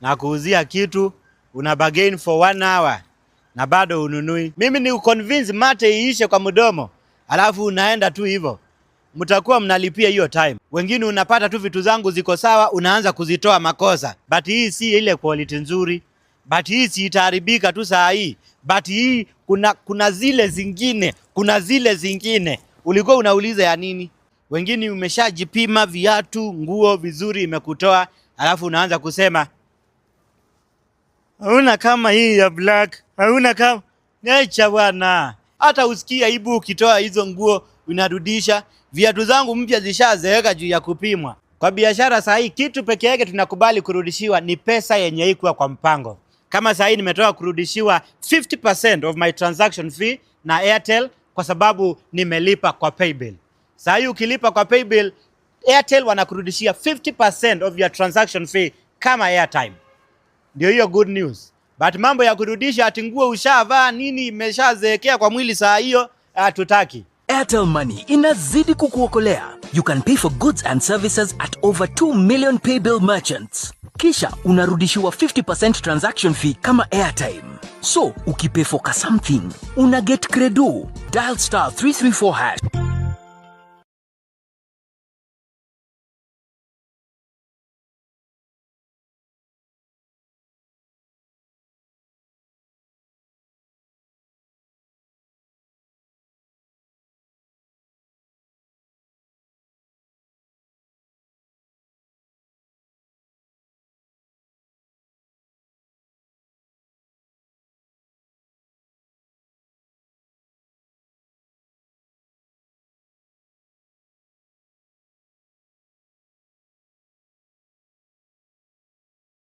na kuuzia kitu una bargain for one hour na bado ununui. Mimi ni convince mate iishe kwa mdomo, alafu unaenda tu hivyo, mtakuwa mnalipia hiyo time. Wengine unapata tu vitu zangu ziko sawa, unaanza kuzitoa makosa, but hii si ile quality nzuri, but hii si itaharibika tu saa hii, but hii kuna, kuna zile zingine, kuna zile zingine ulikuwa unauliza ya nini? Wengine umeshajipima viatu, nguo vizuri imekutoa, alafu unaanza kusema hauna kama hii ya black, hauna kama necha bwana. Hata usikii aibu ukitoa hizo nguo unarudisha. Viatu zangu mpya zishazeeka juu ya kupimwa. Kwa biashara saa hii kitu peke yake tunakubali kurudishiwa ni pesa yenye ikuwa kwa mpango. Kama saa hii nimetoka kurudishiwa 50% of my transaction fee na Airtel kwa sababu nimelipa kwa paybill. Saa hii ukilipa kwa paybill, Airtel wanakurudishia 50% of your transaction fee kama airtime ndio hiyo good news. But mambo ya kurudisha ati nguo ushavaa nini imeshazeekea kwa mwili saa hiyo hatutaki. Airtel Money inazidi kukuokolea. You can pay for goods and services at over 2 million paybill merchants. Kisha unarudishiwa 50% transaction fee kama airtime. So ukipay for something, una get credo. Dial star 334 hash.